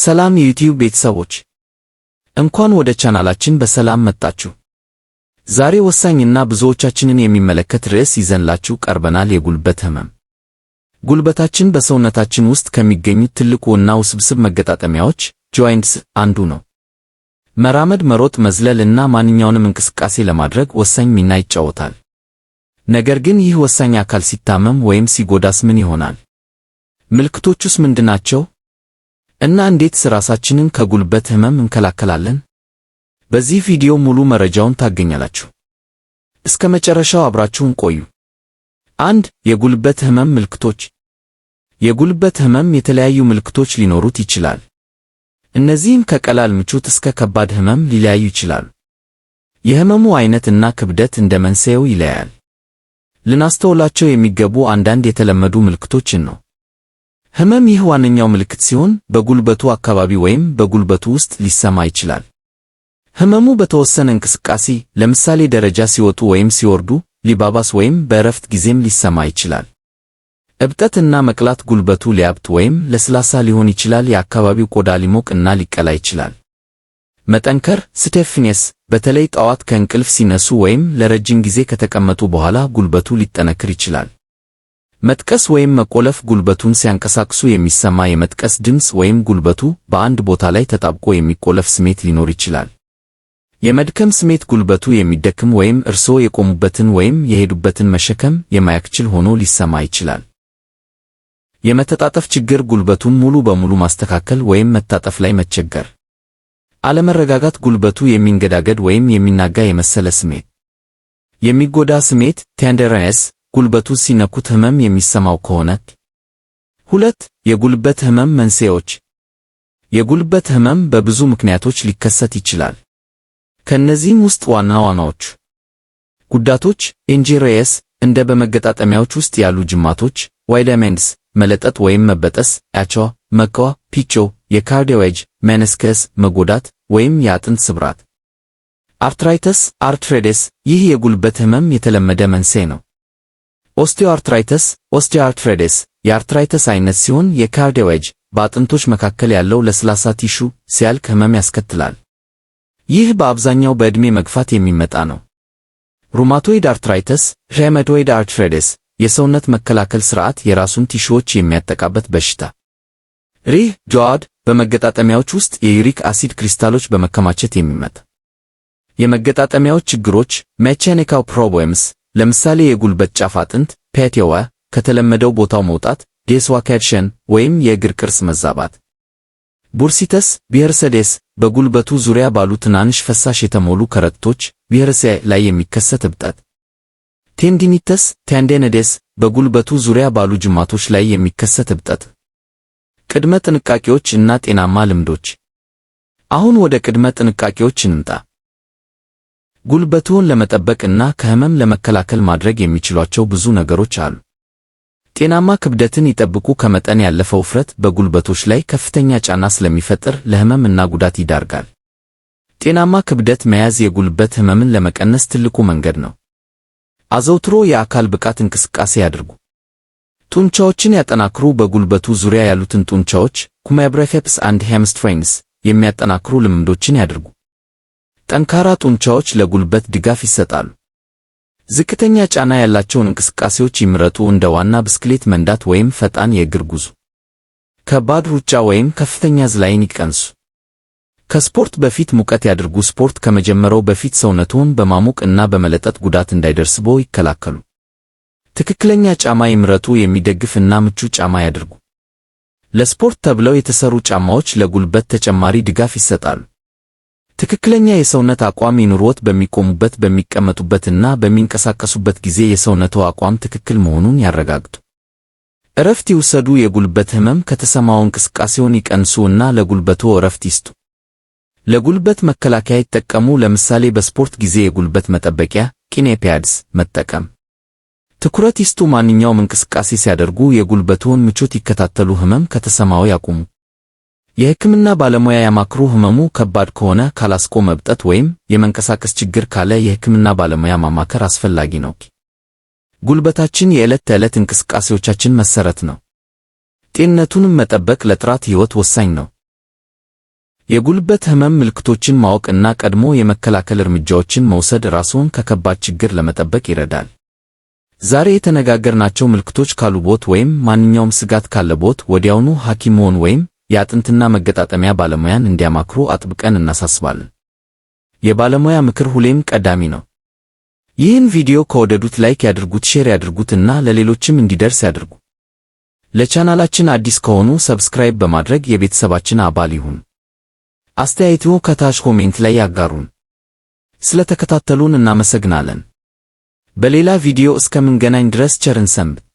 ሰላም ዩቲዩብ ቤተሰቦች እንኳን ወደ ቻናላችን በሰላም መጣችሁ። ዛሬ ወሳኝና ብዙዎቻችንን የሚመለከት ርዕስ ይዘንላችሁ ቀርበናል፣ የጉልበት ህመም። ጉልበታችን በሰውነታችን ውስጥ ከሚገኙት ትልቁ እና ውስብስብ መገጣጠሚያዎች ጆይንትስ አንዱ ነው። መራመድ፣ መሮጥ፣ መዝለል እና ማንኛውንም እንቅስቃሴ ለማድረግ ወሳኝ ሚና ይጫወታል። ነገር ግን ይህ ወሳኝ አካል ሲታመም ወይም ሲጎዳስ ምን ይሆናል? ምልክቶቹስ ምንድናቸው? እና እንዴትስ ራሳችንን ከጉልበት ህመም እንከላከላለን? በዚህ ቪዲዮ ሙሉ መረጃውን ታገኛላችሁ። እስከ መጨረሻው አብራችሁን ቆዩ። አንድ የጉልበት ህመም ምልክቶች። የጉልበት ህመም የተለያዩ ምልክቶች ሊኖሩት ይችላል። እነዚህም ከቀላል ምቾት እስከ ከባድ ህመም ሊለያዩ ይችላሉ። የህመሙ አይነት እና ክብደት እንደ መንስኤው ይለያል። ልናስተውላቸው የሚገቡ አንዳንድ የተለመዱ ምልክቶችን ነው። ህመም ይህ ዋነኛው ምልክት ሲሆን በጉልበቱ አካባቢ ወይም በጉልበቱ ውስጥ ሊሰማ ይችላል። ህመሙ በተወሰነ እንቅስቃሴ ለምሳሌ ደረጃ ሲወጡ ወይም ሲወርዱ ሊባባስ ወይም በእረፍት ጊዜም ሊሰማ ይችላል። እብጠት እና መቅላት ጉልበቱ ሊያብጥ ወይም ለስላሳ ሊሆን ይችላል። የአካባቢው ቆዳ ሊሞቅ እና ሊቀላ ይችላል። መጠንከር ስቴፍኔስ በተለይ ጠዋት ከእንቅልፍ ሲነሱ ወይም ለረጅም ጊዜ ከተቀመጡ በኋላ ጉልበቱ ሊጠነክር ይችላል። መጥቀስ ወይም መቆለፍ ጉልበቱን ሲያንቀሳቅሱ የሚሰማ የመጥቀስ ድምፅ ወይም ጉልበቱ በአንድ ቦታ ላይ ተጣብቆ የሚቆለፍ ስሜት ሊኖር ይችላል። የመድከም ስሜት ጉልበቱ የሚደክም ወይም እርስዎ የቆሙበትን ወይም የሄዱበትን መሸከም የማያክችል ሆኖ ሊሰማ ይችላል። የመተጣጠፍ ችግር ጉልበቱን ሙሉ በሙሉ ማስተካከል ወይም መታጠፍ ላይ መቸገር፣ አለመረጋጋት፣ ጉልበቱ የሚንገዳገድ ወይም የሚናጋ የመሰለ ስሜት፣ የሚጎዳ ስሜት ቴንደርነስ ጉልበቱ ሲነኩት ህመም የሚሰማው ከሆነ። ሁለት የጉልበት ህመም መንስኤዎች። የጉልበት ህመም በብዙ ምክንያቶች ሊከሰት ይችላል። ከነዚህም ውስጥ ዋና ዋናዎቹ ጉዳቶች ኢንጂሪየስ፣ እንደ በመገጣጠሚያዎች ውስጥ ያሉ ጅማቶች፣ ዋይለሜንስ፣ መለጠጥ ወይም መበጠስ፣ ያቻ መኳ፣ ፒቾ፣ የካርዲዮጅ ሜንስከስ መጎዳት ወይም የአጥንት ስብራት። አርትራይተስ አርትሬደስ፣ ይህ የጉልበት ህመም የተለመደ መንስኤ ነው። ኦስቲዮአርትራይተስ ኦስቲዮአርትሬደስ የአርትራይተስ አይነት ሲሆን የካርዲያ በአጥንቶች መካከል ያለው ለስላሳ ቲሹ ሲያልቅ ህመም ያስከትላል። ይህ በአብዛኛው በዕድሜ መግፋት የሚመጣ ነው። ሩማቶይድ አርትራይተስ ሬመቶይድ አርትሬደስ የሰውነት መከላከል ስርዓት የራሱን ቲሹዎች የሚያጠቃበት በሽታ። ሪህ ጆአድ በመገጣጠሚያዎች ውስጥ የዩሪክ አሲድ ክሪስታሎች በመከማቸት የሚመጣ የመገጣጠሚያዎች ችግሮች ሜካኒካል ፕሮብሌምስ ለምሳሌ የጉልበት ጫፍ አጥንት ፔቴዋ ከተለመደው ቦታው መውጣት፣ ዴስዋካድሽን ወይም የእግር ቅርስ መዛባት። ቡርሲተስ ቢሄርሰዴስ በጉልበቱ ዙሪያ ባሉ ትናንሽ ፈሳሽ የተሞሉ ከረጢቶች ቢሄርሴ ላይ የሚከሰት እብጠት። ቴንዲኒተስ ቴንዴነዴስ በጉልበቱ ዙሪያ ባሉ ጅማቶች ላይ የሚከሰት እብጠት። ቅድመ ጥንቃቄዎች እና ጤናማ ልምዶች። አሁን ወደ ቅድመ ጥንቃቄዎች እንምጣ። ጉልበትዎን ለመጠበቅ እና ከህመም ለመከላከል ማድረግ የሚችሏቸው ብዙ ነገሮች አሉ። ጤናማ ክብደትን ይጠብቁ። ከመጠን ያለፈ ውፍረት በጉልበቶች ላይ ከፍተኛ ጫና ስለሚፈጥር ለህመም እና ጉዳት ይዳርጋል። ጤናማ ክብደት መያዝ የጉልበት ህመምን ለመቀነስ ትልቁ መንገድ ነው። አዘውትሮ የአካል ብቃት እንቅስቃሴ ያድርጉ። ጡንቻዎችን ያጠናክሩ። በጉልበቱ ዙሪያ ያሉትን ጡንቻዎች ኩማብራፌፕስ አንድ ሃምስትሪንግስ የሚያጠናክሩ ልምምዶችን ያድርጉ። ጠንካራ ጡንቻዎች ለጉልበት ድጋፍ ይሰጣሉ። ዝቅተኛ ጫና ያላቸውን እንቅስቃሴዎች ይምረጡ፣ እንደ ዋና ብስክሌት መንዳት ወይም ፈጣን የእግር ጉዞ። ከባድ ሩጫ ወይም ከፍተኛ ዝላይን ይቀንሱ። ከስፖርት በፊት ሙቀት ያድርጉ። ስፖርት ከመጀመሪያው በፊት ሰውነቱን በማሞቅ እና በመለጠጥ ጉዳት እንዳይደርስቦ ይከላከሉ። ትክክለኛ ጫማ ይምረጡ የሚደግፍ እና ምቹ ጫማ ያድርጉ። ለስፖርት ተብለው የተሰሩ ጫማዎች ለጉልበት ተጨማሪ ድጋፍ ይሰጣሉ። ትክክለኛ የሰውነት አቋም ይኑሮት በሚቆሙበት በሚቀመጡበትና በሚንቀሳቀሱበት ጊዜ የሰውነቱ አቋም ትክክል መሆኑን ያረጋግጡ። እረፍት ይውሰዱ። የጉልበት ህመም ከተሰማው እንቅስቃሴውን ይቀንሱ እና ለጉልበቱ እረፍት ይስጡ። ለጉልበት መከላከያ ይጠቀሙ። ለምሳሌ በስፖርት ጊዜ የጉልበት መጠበቂያ ኪኔፒያድስ መጠቀም። ትኩረት ይስጡ። ማንኛውም እንቅስቃሴ ሲያደርጉ የጉልበቱን ምቾት ይከታተሉ። ህመም ከተሰማው ያቁሙ። የህክምና ባለሙያ ያማክሩ። ህመሙ ከባድ ከሆነ ካላስቆ መብጠት ወይም የመንቀሳቀስ ችግር ካለ የህክምና ባለሙያ ማማከር አስፈላጊ ነው። ጉልበታችን የዕለት ተዕለት እንቅስቃሴዎቻችን መሰረት ነው። ጤንነቱንም መጠበቅ ለጥራት ህይወት ወሳኝ ነው። የጉልበት ህመም ምልክቶችን ማወቅ እና ቀድሞ የመከላከል እርምጃዎችን መውሰድ ራስዎን ከከባድ ችግር ለመጠበቅ ይረዳል። ዛሬ የተነጋገርናቸው ምልክቶች ካሉቦት ወይም ማንኛውም ስጋት ካለቦት ወዲያውኑ ሐኪምዎን ወይም የአጥንትና መገጣጠሚያ ባለሙያን እንዲያማክሩ አጥብቀን እናሳስባለን። የባለሙያ ምክር ሁሌም ቀዳሚ ነው። ይህን ቪዲዮ ከወደዱት ላይክ ያድርጉት፣ ሼር ያድርጉት እና ለሌሎችም እንዲደርስ ያድርጉ። ለቻናላችን አዲስ ከሆኑ ሰብስክራይብ በማድረግ የቤተሰባችን አባል ይሁን። አስተያየትዎ ከታች ኮሜንት ላይ ያጋሩን። ስለተከታተሉን እናመሰግናለን። በሌላ ቪዲዮ እስከምንገናኝ ድረስ ቸርን ሰንብት።